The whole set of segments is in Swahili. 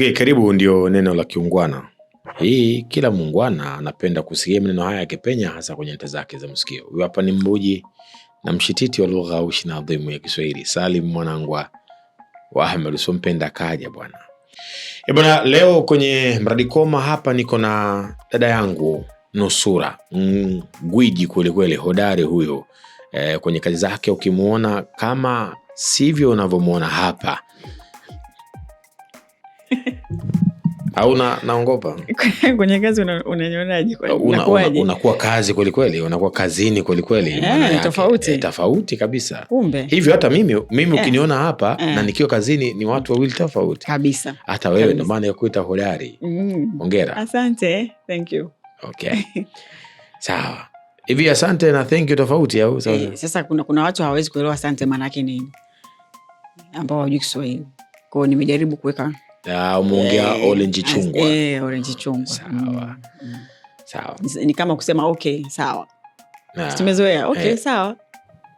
Okay, karibu ndio neno la kiungwana. Hii kila muungwana anapenda kusikia maneno haya yakipenya hasa kwenye nta zake za msikio. Huyu hapa ni mbuji na mshititi wa lugha aushi na adhimu ya Kiswahili, Salim Mwanangwa wa Ahmed usompenda kaja bwana. E bwana, leo kwenye mradi koma hapa niko na dada yangu Nusura, gwiji kwelikweli, hodari huyo e, kwenye kazi zake. Ukimwona kama sivyo unavyomwona hapa au naongopa kwenye kazi unanyonaje? kazi kwelikweli, unakuwa kazini kwelikweli, yeah, eh, tofauti E, tofauti kabisa. Umbe. hivyo hata mimi mimi yeah. ukiniona hapa yeah. na nikiwa kazini ni watu wawili tofauti kabisa. Hata wewe ndo maana yakuita hodari mm. ongera Asante, thank you. Okay, sawa. Hivi asante na thank you tofauti au eh, sasa? Kuna kuna watu hawawezi kuelewa asante maanaake ni ambao wajui Kiswahili kwao. Nimejaribu kuweka umeongea hey, orange chungwa hey, eh, orange chungwa sawa mm. sawa ni kama kusema okay sawa tumezoea okay hey. Eh. sawa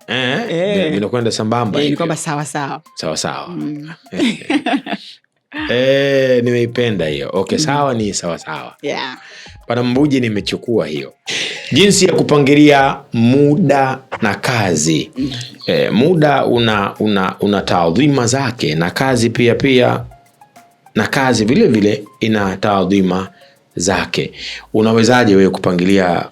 eh? vinakwenda eh, sambamba eh, kwamba sawa sawa sawa sawa mm. eh, nimeipenda hiyo okay mm. sawa ni sawa sawa yeah. pana mbuji nimechukua hiyo jinsi ya kupangilia muda na kazi mm. eh, muda una una, una taadhima zake na kazi pia pia na kazi vile vile ina taadhima zake. Unawezaje wewe kupangilia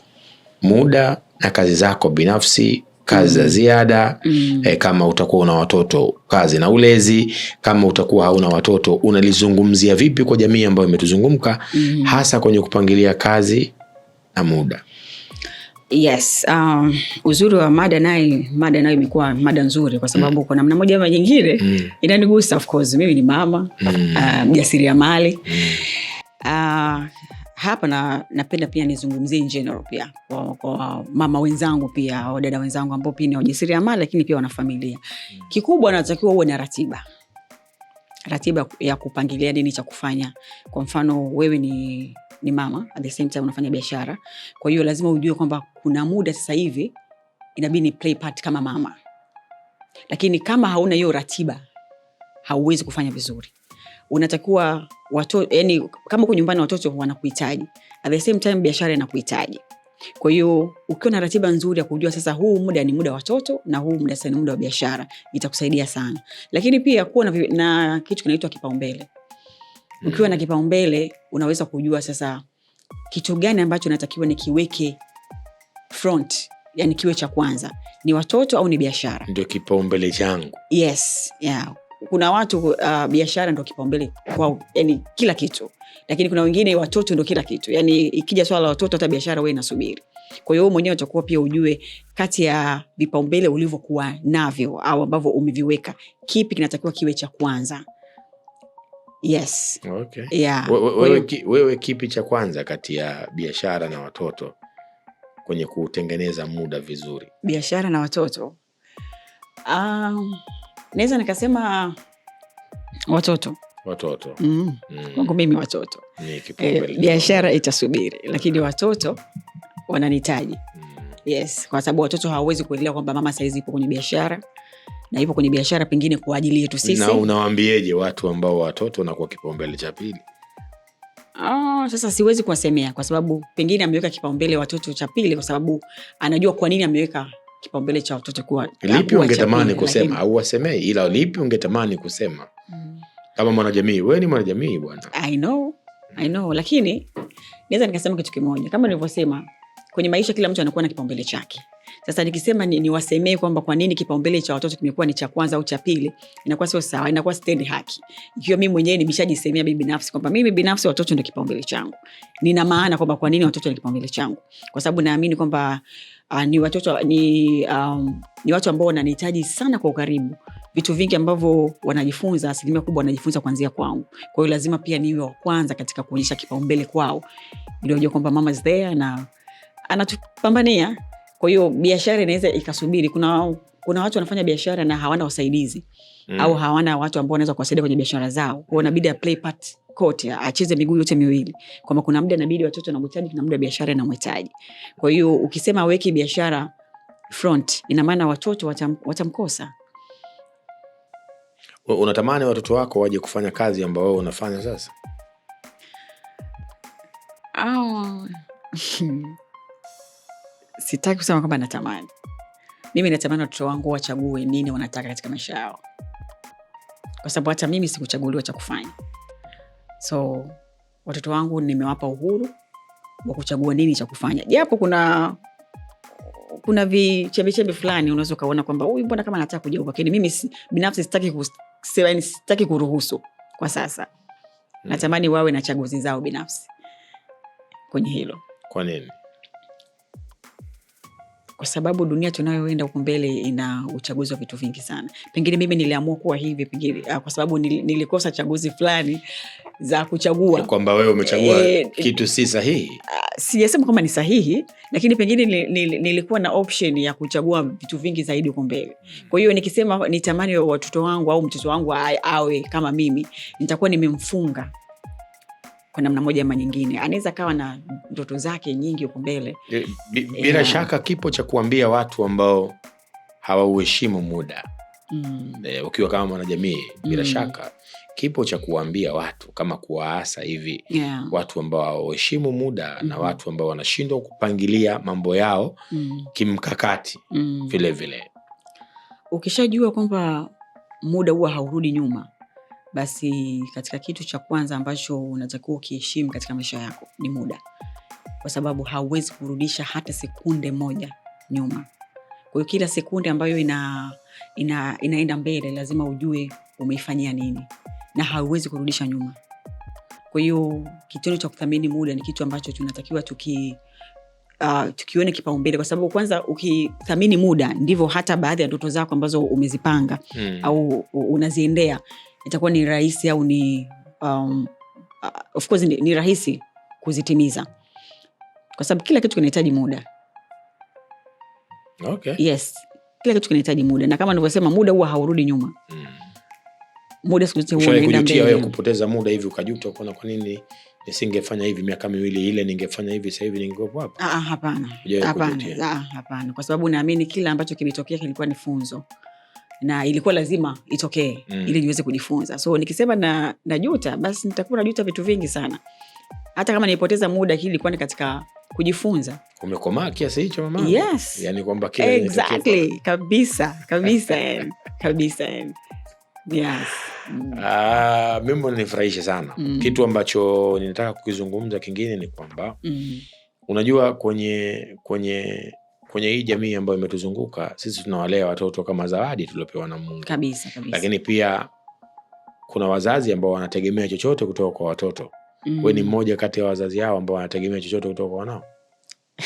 muda na kazi zako binafsi kazi za mm. ziada mm. E, kama utakuwa una watoto kazi na ulezi. Kama utakuwa hauna watoto unalizungumzia vipi kwa jamii ambayo imetuzungumka mm. hasa kwenye kupangilia kazi na muda. Yes, um, uzuri wa mada naye, mada nayo imekuwa mada nzuri kwa sababu mm. kwa namna moja ama nyingine mm. inanigusa of course. Mimi ni mama mjasiriamali mm. uh, mm. uh, hapa na, napenda pia nizungumzie in general pia kwa, kwa mama wenzangu pia wadada wenzangu ambao pia ni wajasiriamali lakini pia wana familia. Mm. Kikubwa natakiwa uwe na ratiba ratiba ya kupangilia nini cha kufanya. Kwa mfano wewe ni ni mama, at the same time unafanya biashara. Kwa hiyo lazima ujue kwamba kuna muda sasa hivi inabidi ni play part kama mama, lakini kama hauna hiyo ratiba hauwezi kufanya vizuri. Unatakiwa watoto, yani kama uko nyumbani watoto wanakuhitaji, at the same time biashara inakuhitaji. Kwa hiyo ukiwa na ratiba nzuri ya kujua sasa huu muda ni muda wa watoto na huu muda sasa ni muda wa biashara, itakusaidia sana. Lakini pia kuwa na, na kitu kinaitwa kipaumbele. Ukiwa na mm. kipaumbele unaweza kujua sasa kitu gani ambacho natakiwa nikiweke front, yani kiwe cha kwanza, ni watoto au ni biashara? Ndio kipaumbele changu. Yes, yeah. Kuna watu uh, biashara ndo kipaumbele kwao, yani kila kitu, lakini kuna wengine watoto ndo kila kitu, yani ikija swala la watoto hata biashara wewe inasubiri. Kwa hiyo wewe mwenyewe utakuwa pia ujue kati ya vipaumbele ulivyokuwa navyo au ambavyo umeviweka, kipi kinatakiwa kiwe cha kwanza yes okay. yeah. wewe, wewe, wewe kipi cha kwanza kati ya biashara na watoto kwenye kutengeneza muda vizuri? Biashara na watoto um, naweza nikasema watoto watoto mm. Mm. Kwangu mimi watoto e, biashara itasubiri, mm. lakini watoto wananitaji mm. Yes, kwa sababu watoto hawawezi kuelewa kwamba mama saizi ipo kwenye biashara na ipo kwenye biashara pengine kwa ajili yetu sisi. Na unawaambieje watu ambao watoto wanakuwa kipaumbele cha pili? Oh, sasa siwezi kuwasemea kwa sababu pengine ameweka kipaumbele watoto cha pili, kwa sababu anajua kwa nini ameweka kipaumbele cha watoto kuwa. Lipi ungetamani kusema au wasemei, ila lipi ungetamani kusema mm. kama mwanajamii? Wewe ni mwanajamii bwana. I know, I know, lakini naweza nikasema kitu kimoja, kama nilivyosema, kwenye maisha kila mtu anakuwa na kipaumbele chake. Sasa nikisema niwasemee ni kwamba kwa nini kipaumbele cha watoto kimekuwa ni cha kwanza au cha pili, inakuwa sio sawa, inakuwa stendi haki. Ikiwa mimi mwenyewe nimeshajisemea mimi binafsi kwamba mimi binafsi watoto ndio kipaumbele changu, nina maana kwamba kwa nini watoto ni kipaumbele changu, kwa sababu naamini kwamba uh, ni watoto ni, um, ni watu ambao wananihitaji sana kwa ukaribu vitu vingi ambavyo wanajifunza, asilimia kubwa wanajifunza kuanzia kwangu. Kwa hiyo lazima pia niwe wa kwanza katika kuonyesha kipaumbele kwao, ili wajue kwamba mama is there na anatupambania. Kwa hiyo biashara inaweza ikasubiri. Kuna, kuna watu wanafanya biashara na hawana wasaidizi mm. au hawana watu ambao wanaweza kuwasaidia kwenye biashara zao, kwao inabidi a play part kote acheze miguu yote miwili, kwamba kuna muda inabidi watoto wanamhitaji, kuna muda biashara inamhitaji. Kwa hiyo ukisema aweki biashara front, ina maana watoto watam, watamkosa. Unatamani watoto wako waje kufanya kazi ambao wewe unafanya sasa? oh. sitaki kusema kwamba natamani. Mimi natamani watoto wangu wachague nini wanataka katika maisha yao, kwa sababu hata mimi sikuchaguliwa cha kufanya. So watoto wangu nimewapa uhuru wa kuchagua nini cha kufanya, japo kuna kuna vichembechembe fulani unaweza ukaona kwamba huyu mbona kama nataka kuja lakini mimi binafsi sitaki sitaki kuruhusu kwa sasa. Hmm. Natamani wawe na chaguzi zao binafsi kwenye hilo. Kwa nini? kwa sababu dunia tunayoenda huku mbele ina uchaguzi wa vitu vingi sana. Pengine mimi niliamua kuwa hivi pengine, ah, kwa sababu nilikosa chaguzi fulani za kuchagua kwamba wewe umechagua e, kitu si sahihi. Ah, sijasema kwamba ni sahihi, lakini pengine nilikuwa na option ya kuchagua vitu vingi zaidi huko mbele. Kwa hiyo nikisema nitamani watoto wangu au mtoto wangu awe kama mimi, nitakuwa nimemfunga kwa namna moja ama nyingine, anaweza kawa na ndoto zake nyingi huko mbele. Eh, bila yeah. shaka kipo cha kuambia watu ambao hawauheshimu muda mm. E, ukiwa kama mwanajamii bila mm. shaka kipo cha kuwaambia watu kama kuwaasa hivi yeah. watu ambao hawaheshimu muda mm. na mm-hmm. watu ambao wanashindwa kupangilia mambo yao mm. kimkakati vilevile mm. vile. Ukishajua kwamba muda huwa haurudi nyuma basi katika kitu cha kwanza ambacho unatakiwa ukiheshimu katika maisha yako ni muda, kwa sababu hauwezi kurudisha hata sekunde moja nyuma. Kwa hiyo kila sekunde ambayo ina, ina, inaenda mbele lazima ujue umeifanyia nini na hauwezi kurudisha nyuma. Kwa hiyo kitendo cha kuthamini muda ni kitu ambacho tunatakiwa tuki Uh, tukione kipaumbele kwa sababu kwanza ukithamini muda ndivyo hata baadhi ya ndoto zako ambazo umezipanga hmm. au unaziendea itakuwa ni rahisi au ni um, uh, of course ni, ni rahisi kuzitimiza kwa sababu kila kitu kinahitaji muda okay. yes kila kitu kinahitaji muda na kama anavyosema muda huwa haurudi nyuma mm. muda siku kupoteza muda hivi ukajuta kuna kwa nini nisingefanya hivi miaka miwili ile ningefanya hivi sasa hivi ningekuwa hapa ah, ah, hapana ah, hapana kwa sababu naamini kila ambacho kimetokea kilikuwa ni funzo na ilikuwa lazima itokee mm. ili niweze kujifunza. So nikisema na najuta, basi nitakuwa najuta vitu vingi sana, hata kama nipoteza muda, hii ilikuwa ni katika kujifunza. Umekomaa kiasi hicho mama? Yes. Yani kwamba exactly. Kabisa kabisa en. kabisa en. Yes. Mm. Uh, mimi nifurahisha sana mm. Kitu ambacho ninataka kukizungumza kingine ni kwamba mm. Unajua kwenye kwenye kwenye hii jamii ambayo imetuzunguka sisi tunawalea watoto kama zawadi tuliopewa na Mungu kabisa, kabisa. Lakini pia kuna wazazi ambao wanategemea chochote kutoka kwa watoto mm. We ni mmoja kati ya wazazi hao ambao wanategemea chochote kutoka kwa wanao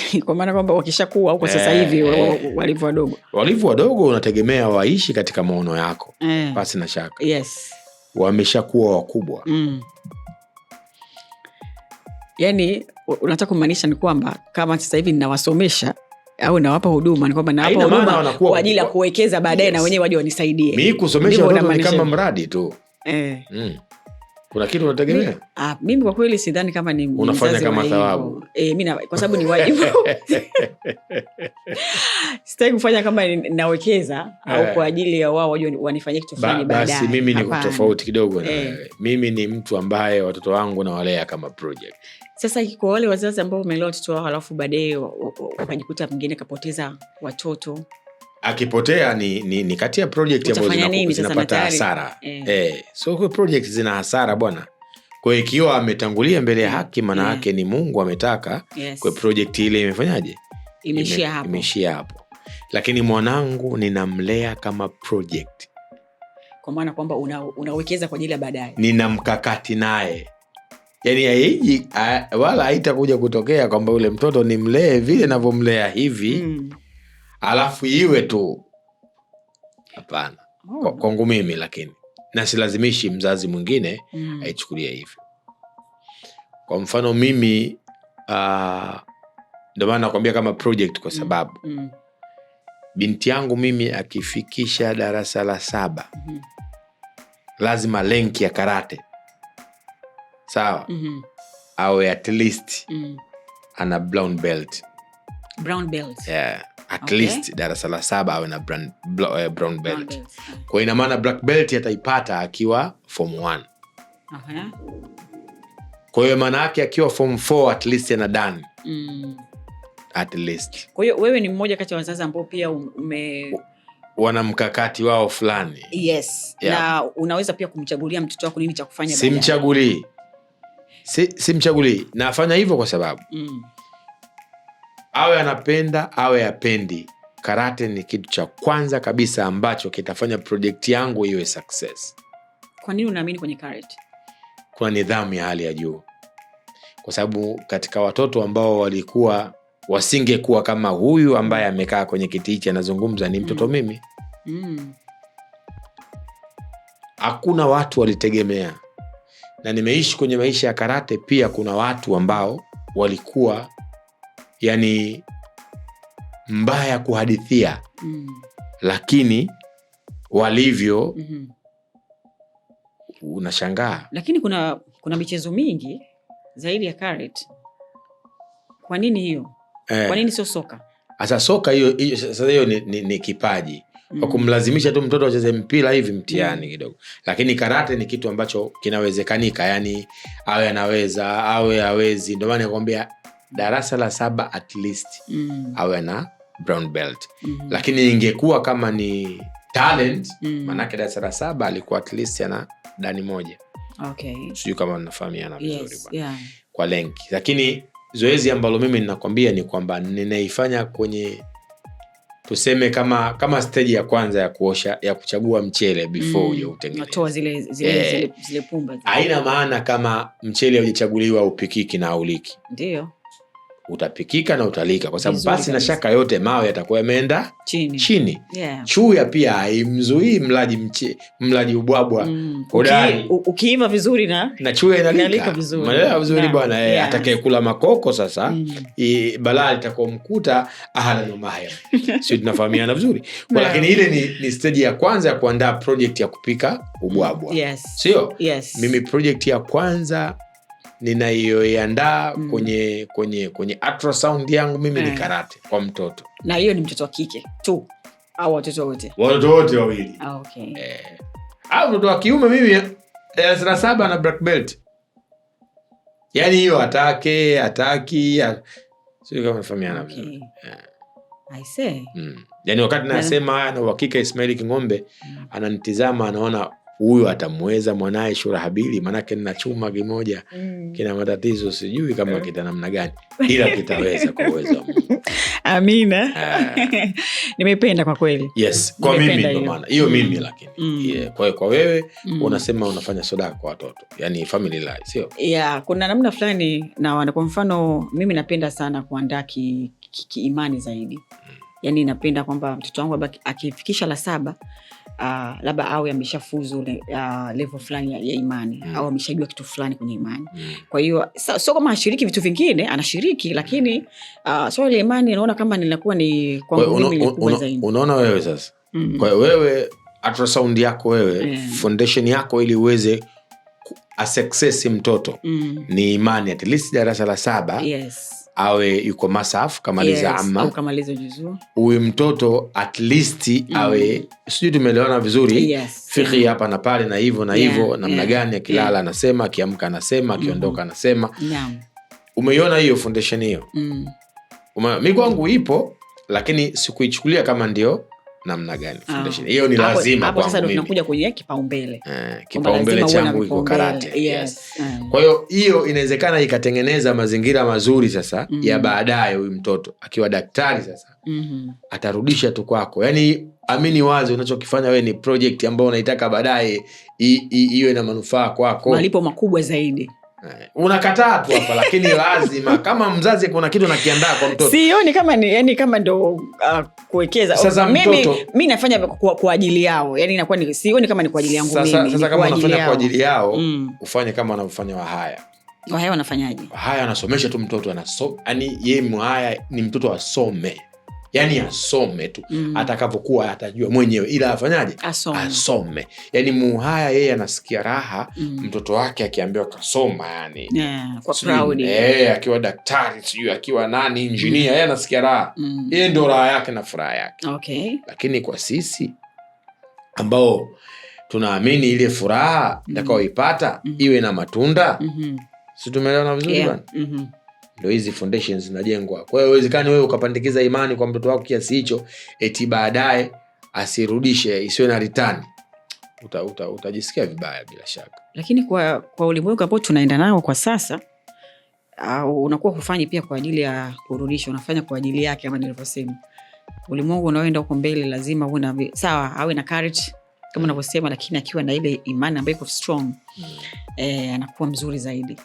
kwa maana kwamba wakishakuwa huko sasa eh. hivi eh, walivu wadogo walivu wadogo unategemea waishi katika maono yako eh, pasi na shaka yes. Wameshakuwa wakubwa mm. Yani unataka kumaanisha ni kwamba kama sasa hivi ninawasomesha au nawapa huduma ni kwamba nawapa huduma kwa ajili ya kuwekeza baadaye, yes. na wenyewe waje wanisaidie. Mimi kusomesha watoto ni kama mradi tu eh. mm. Kuna kitu unategemea? Ah, mimi kwa kweli sidhani kama ni unafanya kama thawabu eh, mimi kwa sababu ni wajibu sitaki kufanya kama nawekeza eh, au kwa ajili ya wao waje wanifanyie kitu fulani baadaye. Basi mimi ni tofauti kidogo na eh, mimi ni mtu ambaye watoto wangu nawalea kama project sasa kwa wale wazazi ambao umelea watoto wao halafu baadaye wakajikuta mwingine kapoteza watoto akipotea ni, ni, ni kati ya project ambazo zinapata hasara eh. Eh, so project zina hasara bwana. Kwa hiyo ikiwa ametangulia mbele ya mm, haki, maana mm. yake yeah. ni Mungu ametaka yes. Kwa project ile imefanyaje, imeishia hapo. Ime, hapo lakini mwanangu ninamlea kama project, kwa maana kwamba unawekeza una kwa ajili ya baadaye, nina mkakati naye yani aiji wala haitakuja kutokea kwamba yule mtoto ni mlee vile navyomlea hivi mm. alafu iwe tu hapana oh. kwangu mimi lakini na silazimishi mzazi mwingine mm. aichukulia hivyo kwa mfano mimi uh, ndio maana nakwambia kama project kwa hmm. sababu mm. Mm. binti yangu mimi akifikisha darasa la saba mm. lazima lenki ya karate sawa mm-hmm. awe at least mm. ana brown belt brown belt yeah at okay. least darasa la saba awe na brand, eh, brown belt, brown belt. Ah. kwa ina maana black belt ataipata akiwa form 1 okay. kwa hiyo maana yake akiwa form 4 at least ana dan mm. at least kwa hiyo wewe ni mmoja kati ya wazazi ambao pia ume wana mkakati wao fulani yes yeah. na unaweza pia kumchagulia mtoto wako nini cha kufanya simchagulii simchagulii si na nafanya hivyo kwa sababu mm. awe anapenda awe apendi karate ni kitu cha kwanza kabisa ambacho kitafanya projekti yangu iwe success kwa nini unaamini kwenye karate kuna nidhamu ya hali ya juu kwa sababu katika watoto ambao walikuwa wasingekuwa kama huyu ambaye amekaa kwenye kiti hichi anazungumza ni mtoto mm. mimi mm. hakuna watu walitegemea na nimeishi kwenye maisha ya karate pia, kuna watu ambao walikuwa yani mbaya kuhadithia mm. lakini walivyo mm -hmm. unashangaa. Lakini kuna kuna michezo mingi zaidi ya karate. Kwa nini hiyo eh? Kwa nini sio soka? hasa soka hiyo hiyo sasa hiyo ni, ni, ni kipaji kwa mm. kumlazimisha tu mtoto acheze mpira hivi mtihani mm. kidogo, lakini karate ni kitu ambacho kinawezekanika, yani awe anaweza awe awezi. Ndio maana nakwambia darasa la saba at least mm. awe na brown belt mm -hmm. lakini ingekuwa kama ni talent mm. maanake darasa la saba alikuwa at least ana dani moja okay. sijui kama nafahamiana vizuri yes, yeah. kwa lenki, lakini zoezi ambalo mimi ninakwambia ni kwamba ninaifanya kwenye tuseme kama kama steji ya kwanza ya kuosha ya kuchagua mchele before mm, ujautengeneza zile, zile, eh, zile, zile pumba haina maana kama mchele ujichaguliwa upikiki na auliki ndio utapikika na utalika, kwa sababu basi na shaka yote mawe yatakuwa yameenda chini, chini. Yeah. Chuya pia haimzuii mlaji mche, mlaji ubwabwa mm. Uki, vizuri na, na chuya inalika manelewa vizuri bwana e, yeah. Atakayekula makoko sasa mm. balaa litakuwa mkuta ahlan wa mahlan sio, tunafahamiana vizuri kwa yeah. Lakini ile ni, ni steji ya kwanza ya kuandaa project ya kupika ubwabwa yes. Sio yes. Mimi project ya kwanza ninaiyoiandaa mm. kwenye kwenye kwenye ultrasound yangu mimi ni eh. karate kwa mtoto, na hiyo ni mtoto wa kike tu au watoto wote? Watoto wote wawili. au ah, okay. Eh, mtoto wa kiume mimi darasa saba na black belt, yaani hiyo atake ataki sio kama okay. vizuri I Mm. yani wakati nasema haya na uhakika Ismail King'ombe mm. ananitizama anaona huyu atamweza mwanaye shura habili maanake nina chuma kimoja mm. kina matatizo sijui kama eh. kita namna gani ila kitaweza kwa uwezo amina uh, nimependa kwa kweli yes kwa mimi ndo maana hiyo mm. mimi lakini mm. yeah. kwa, kwa wewe mm. unasema unafanya soda kwa watoto yani family life sio yeah, kuna namna fulani nawana kwa mfano mimi napenda sana kuandaa kiimani ki, ki, ki zaidi mm. yani napenda kwamba mtoto wangu akifikisha la saba uh, labda awe ameshafuzu uh, level fulani ya, ya imani mm. au ameshajua kitu fulani kwenye imani mm. kwa hiyo sio kama ashiriki vitu vingine, anashiriki lakini uh, mm. ah, swala la imani naona kama linakuwa ni kwangu wewe sasa mm. kwa wewe atrasaundi yako wewe mm. foundation yako ili uweze asesi mtoto mm. ni imani at least darasa la saba yes awe yuko masaf kamaliza yes, ama huyu mtoto at least mm. awe sijui tumeelewana vizuri yes. fikhi mm. hapa na pale na hivyo na hivyo yeah. namna yeah. gani akilala yeah. anasema akiamka anasema akiondoka mm. anasema yeah. umeiona hiyo foundation hiyo mm. mi kwangu ipo lakini sikuichukulia kama ndio namna gani ah. hiyo. ni lazima hapo kwenye kipaumbele eh, kipaumbele changu iko karate yes. Yes. Mm. Kwa hiyo hiyo inawezekana ikatengeneza mazingira mazuri sasa mm ya mm-hmm. baadaye huyu mtoto akiwa daktari sasa mm -hmm. atarudisha tu kwako, yani amini wazi unachokifanya wewe ni project ambayo unaitaka baadaye iwe na manufaa kwako, malipo makubwa zaidi Eh, unakataa tu hapa lakini lazima kama mzazi kuna kitu nakiandaa kwa mtoto. Sioni kama ni, yani kama ndo uh, kuwekeza. mimi mimi nafanya kwa, kwa ajili yao yani inakuwa sioni kama ni kwa ajili yangu sasa, mimi. kwa ajili yao mm. Ufanye kama wanavyofanya Wahaya. Wahaya wanafanyaje? Wahaya wanasomesha tu mtoto anaso, yani yeye Mhaya ni mtoto asome yani asome tu mm. Atakavyokuwa atajua mwenyewe, ila afanyaje? Asome, asome. Yani Muhaya yeye anasikia raha mm. Mtoto wake akiambiwa kasoma, yani yeah, e, akiwa daktari sijui akiwa nani injinia mm. Yeye anasikia raha mm. Yeye ndio raha yake na furaha yake okay. Lakini kwa sisi ambao tunaamini ile furaha mm. takaoipata mm. iwe na matunda mm -hmm. si tumeelewana vizuri yeah. bana mm -hmm ndio hizi foundations zinajengwa. Kwa hiyo haiwezekani wewe ukapandikiza imani kwa mtoto wako kiasi hicho, eti baadaye asirudishe, isiwe na return. Uta, uta, utajisikia vibaya bila shaka. Lakini kwa, kwa ulimwengu ambao tunaenda nao kwa sasa uh, unakuwa hufanyi pia kwa ajili ya kurudisha, unafanya kwa ajili yake. Kama nilivyosema, ulimwengu unaoenda huko mbele lazima uwe na sawa, awe na courage kama unavyosema, lakini akiwa na ile imani ambayo iko strong mm. eh, anakuwa mzuri zaidi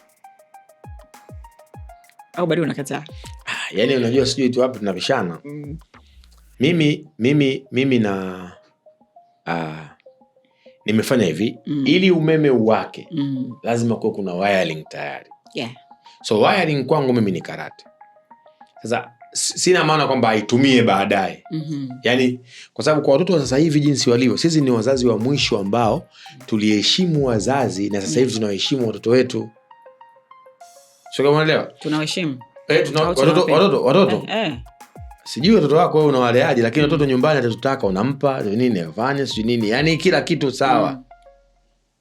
au bado unakataa? Ah, yani unajua sijui tu wapi tunapishana. Mm. Mimi mimi mimi na uh, nimefanya hivi mm. ili umeme uwake mm. lazima kuwa kuna wiring tayari. Yeah. So wiring kwangu mimi ni karate. Sasa sina maana kwamba aitumie baadaye mm -hmm. Yani, kwa sababu kwa watoto wa sasa hivi jinsi walivyo, sisi ni wazazi wa mwisho ambao tuliheshimu wazazi na sasa hivi mm. tunawaheshimu watoto wetu. Sikamwelewa. Tunaheshimu. Eh, watoto eh, eh. Sijui watoto wako wewe unawaleaje lakini watoto nyumbani atatutaka unampa nini afanye sijui nini. Yaani kila kitu sawa. Mm.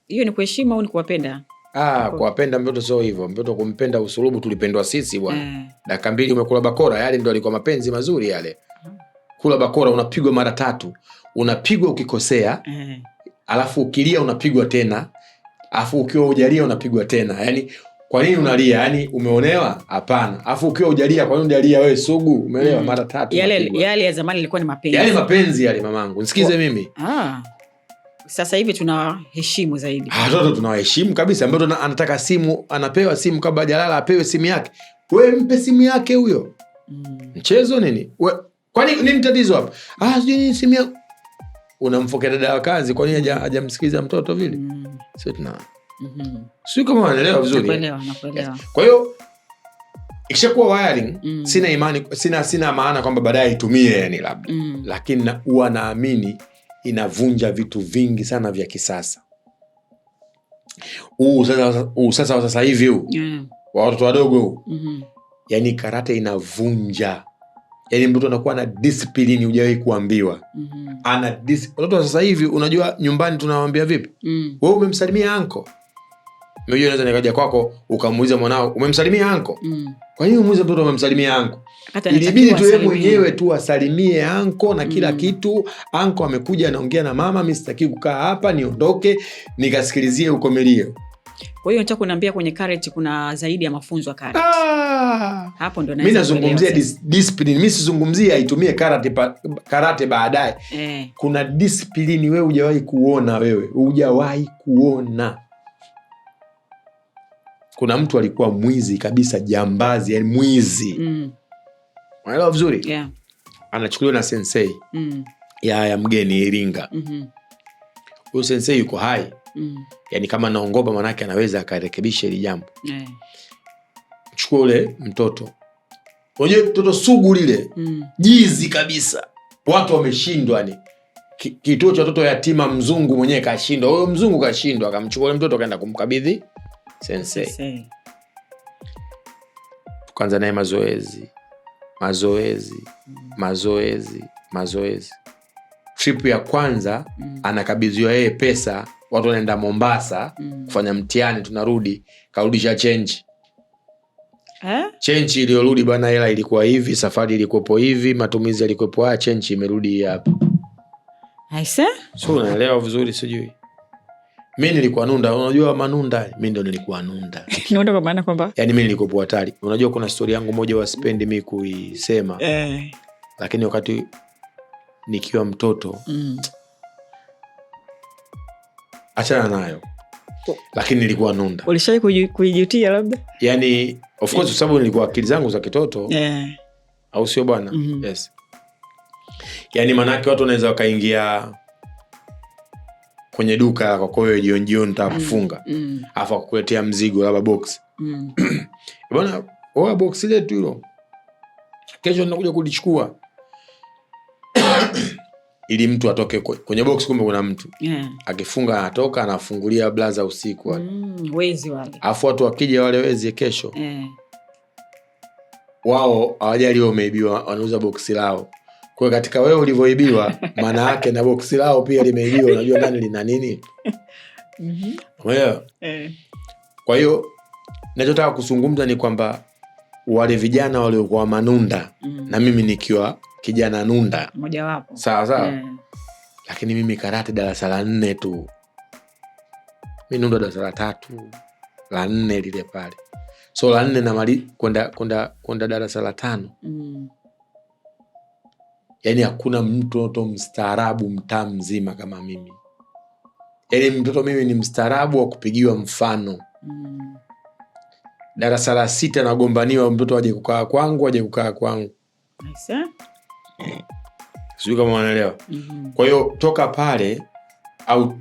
Hiyo ni kuheshimu au ni kuwapenda? Ah, kuwapenda mtoto sio hivyo. Mtoto kumpenda usulubu tulipendwa sisi bwana. eh. Dakika mbili umekula bakora, yale ndo alikuwa mapenzi mazuri yale. Kula bakora unapigwa mara tatu. Unapigwa ukikosea. eh. Alafu ukilia unapigwa tena. Alafu ukiwa ujalia unapigwa tena. yani kwa nini unalia? yani umeonewa? Hapana. Alafu ukiwa ujalia, kwa nini unalia wewe sugu? umeonewa mm. Mara tatu. Yale yale ya zamani ilikuwa ni mapenzi. Yale mapenzi yale mamangu. Nisikize mimi. Ah. Sasa hivi tunawaheshimu zaidi. Ah, watoto tunawaheshimu kabisa. Mtoto anataka simu, anapewa simu kabla hajalala apewe simu yake. Wewe mpe simu yake huyo. Mm. Mchezo nini? We, kwani nini tatizo hapo? Ah, sijui nini simu yake Unamfokea dada wa kazi, kwa nini hajamsikiliza mtoto vile? Mm. Sio tuna Mm-hmm. sijui kama wanaelewa vizuri. Kwa hiyo ikishakuwa wiring mm. sina imani, sina sina maana kwamba baadaye itumie yani labda mm. lakini huwa naamini inavunja vitu vingi sana vya kisasa. Huu sasa wa sasa hivi huu mm. wa watoto wadogo huu mm-hmm. yani karate inavunja yani mtu anakuwa na disiplini, ujawai kuambiwa mm-hmm. ana watoto wa sasa hivi. Unajua nyumbani tunawambia vipi? mm. we umemsalimia anko mimi naweza nikaja kwako ukamuuliza mwanao umemsalimia anko? Mm. Kwa hiyo muulize mtoto umemsalimia anko. Ilibidi tu mwenyewe tu asalimie anko na kila mm. kitu. Anko amekuja anaongea na mama, mi sitaki kukaa hapa, niondoke nikasikilizie ukomelio. Kwa hiyo nataka kuniambia kwenye karet kuna zaidi ya mafunzo ya karate. Ah! Hapo ndo mimi nazungumzia dis, discipline. Mimi sizungumzia aitumie karate karate baadaye. Eh. Kuna discipline wewe hujawahi kuona wewe, hujawahi kuona kuna mtu alikuwa mwizi kabisa, jambazi, yani mwizi mm. unaelewa vizuri yeah. anachukuliwa na sensei mm. ya, ya mgeni Iringa mhm. huyu mm -hmm. sensei yuko hai mm. yani kama naongoba manake anaweza akarekebisha hili jambo yeah. chukua ule mtoto unajua mtoto sugu lile mm. jizi kabisa, watu wameshindwa ni kituo cha watoto yatima, mzungu mwenyewe kashindwa, huyo mzungu kashindwa, akamchukua ule mtoto akaenda kumkabidhi sensei, kwanza naye mazoezi mazoezi mm. mazoezi mazoezi. Tripu ya kwanza mm. anakabidhiwa yeye pesa, watu wanaenda Mombasa mm. kufanya mtiani tunarudi karudisha chenji eh? chenji iliyorudi bana, hela ilikuwa hivi, safari ilikuwepo hivi, matumizi yalikuwepo haya, ah, chenji imerudi hapa. Naelewa vizuri, sijui mi nilikuwa nunda, unajua manunda, mi ndo nilikuwa nunda nunda kwa maana kwamba yani mi nilikopo hatari. Unajua kuna stori yangu moja wasipendi mi kuisema eh, lakini wakati nikiwa mtoto mm. achana nayo oh. lakini nilikuwa nunda. Ulishawai kuijutia labda? Yani of course, kwa yeah. nilikuwa akili zangu za kitoto yeah. au sio bwana? mm -hmm. Yes, yani maanake watu wanaweza wakaingia kwenye duka yako kwahiyo hiyo jioni mm. mm. afu mzigo labda box mm. bwana, oa box letu hilo, kesho nakuja kulichukua ili mtu atoke kwenye box, kumbe kuna mtu yeah. Akifunga anatoka anafungulia blaza usiku mm, alafu mm, watu wakija wale wezi kesho yeah. Wao hawajali wameibiwa, wanauza boksi lao kwa katika wewe ulivyoibiwa, maana yake na boksi lao pia limeibiwa. Unajua ndani lina nini? Mhm. Umeelewa? Eh. Kwa hiyo nachotaka kuzungumza ni kwamba wale vijana waliokuwa manunda mm. na mimi nikiwa kijana nunda mojawapo, sawa sawa eh. Lakini mimi karate darasa la nne tu, mi nunda darasa la tatu la nne lile pale, so la nne namali kwenda kwenda kwenda darasa la tano mm yani hakuna mtoto mstaarabu mtaa mzima kama mimi. Yani mtoto mimi ni mstaarabu wa kupigiwa mfano mm. Darasa la sita nagombaniwa, mtoto aje kukaa kwangu, aje kukaa kwangu, eh? sijui kama wanaelewa mm -hmm. Kwa hiyo toka pale au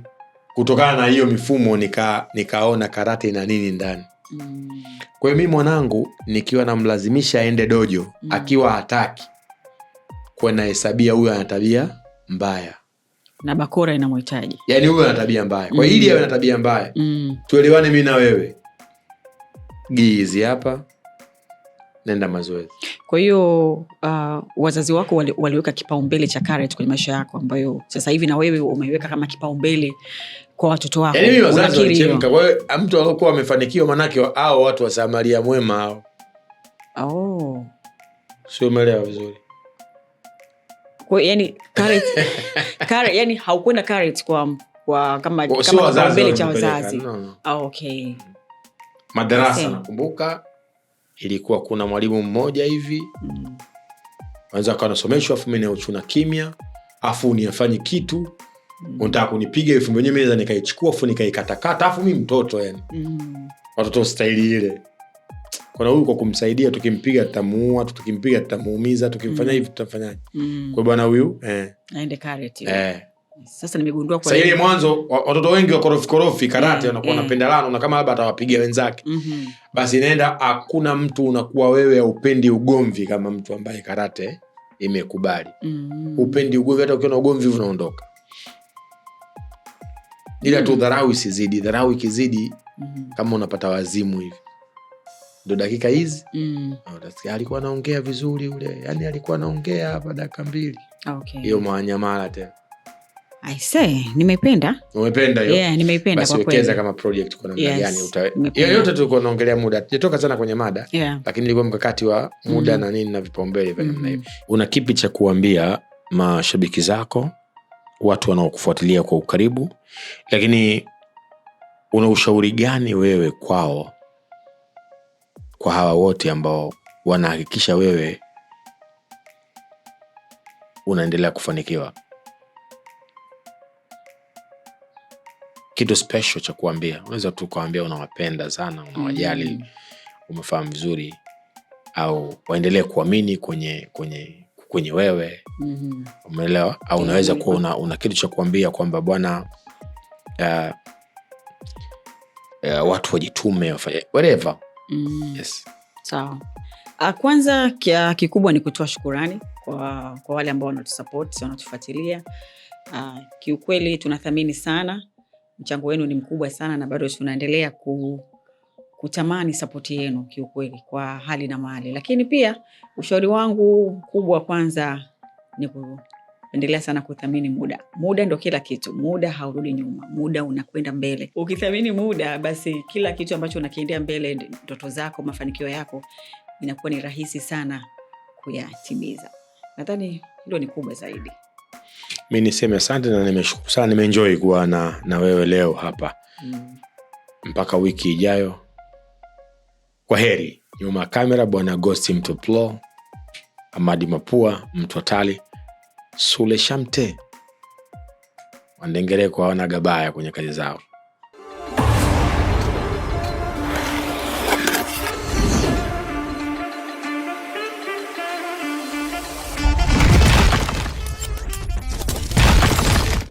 kutokana na hiyo mifumo nika, nikaona karate ina nini ndani mm. Kwa hiyo mi mwanangu nikiwa namlazimisha aende dojo mm. akiwa hataki kuwa nahesabia huyo ana tabia mbaya na bakora inamhitaji, yani huyo ana tabia mbaya kwa mm. ili awe na tabia mbaya mm. tuelewane mi na wewe, gizi hapa, nenda mazoezi. Kwa hiyo uh, wazazi wako wali, waliweka kipaumbele cha karet kwenye maisha yako ambayo sasa hivi na wewe umeiweka kama kipaumbele kwa watoto wako. yani mtu aliokuwa amefanikiwa, manake hao watu wasamaria mwema ao Oh. Sio, vizuri yani haukwenda kwa cha wazazi. Ah, Madarasa nakumbuka ilikuwa kuna mwalimu mmoja hivi mm. kawa nasomeshwa afu minauchuna kimya afu niafanyi kitu mm. kunipiga hivi meza nikaichukua afu nikaikatakata afu mi mtoto yani. Mm. Watoto stahili ile kuna huyu kwa kumsaidia, tukimpiga tutamuua, tukimpiga tutamuumiza, tukimfanya mm. hivi tutafanyaje? Mm. Kwa bwana huyu eh. eh, Sasa nimegundua kwa ile mwanzo watoto wengi wa korofi korofi karate mm. wanakuwa eh, wanapendana eh, na kama labda atawapiga wenzake mm -hmm. Basi inaenda hakuna mtu unakuwa wewe upendi ugomvi kama mtu ambaye karate imekubali mm -hmm. Upendi ugomvi, hata ukiona ugomvi unaondoka, ila mm-hmm. tu dharau isizidi. Dharau ikizidi mm -hmm. kama unapata wazimu hivi ndo dakika hizi mm. alikuwa naongea vizuri ule, yani alikuwa naongea hapa dakika mbili hiyo okay. mawanyamara tena Aise, nimependa. kama yote tulikuwa tunaongelea muda. Tujatoka sana kwenye mada, yeah. Lakini ilikuwa mkakati wa muda mm. na nini na vipaumbele vya namna hiyo. Mm-hmm. Una kipi cha kuambia mashabiki zako, watu wanaokufuatilia kwa ukaribu? Lakini una ushauri gani wewe kwao kwa hawa wote ambao wanahakikisha wewe unaendelea kufanikiwa. Kitu special cha kuambia, unaweza tu kuambia unawapenda sana, unawajali mm. umefahamu vizuri, au waendelee kuamini kwenye kwenye kwenye wewe mm -hmm. Umeelewa? Au unaweza mm-hmm. kuwa una, una kitu cha kuambia kwamba bwana uh, uh, watu wajitume whatever Mm. Yes. Sawa. Ah, kwanza kia kikubwa ni kutoa shukurani kwa, kwa wale ambao wanatusapoti wanatufuatilia. Ah, kiukweli tunathamini sana mchango wenu ni mkubwa sana na bado tunaendelea ku, kutamani sapoti yenu kiukweli kwa hali na mali, lakini pia ushauri wangu mkubwa kwanza ni endelea sana kuthamini muda. Muda ndo kila kitu, muda haurudi nyuma, muda unakwenda mbele. Ukithamini muda, basi kila kitu ambacho unakiendea mbele, ndoto zako, mafanikio yako, inakuwa ni rahisi sana kuyatimiza. Nadhani hilo ni kubwa zaidi. Mi niseme asante na nimeshukuru sana, nimeenjoy kuwa na, na wewe leo hapa mm. Mpaka wiki ijayo, kwa heri. Nyuma ya kamera, Bwana Gosti Mtoplo, Amadi Mapua Mtwatali. Sule Shamte. wandengere hawana gabaya kwenye kazi zao.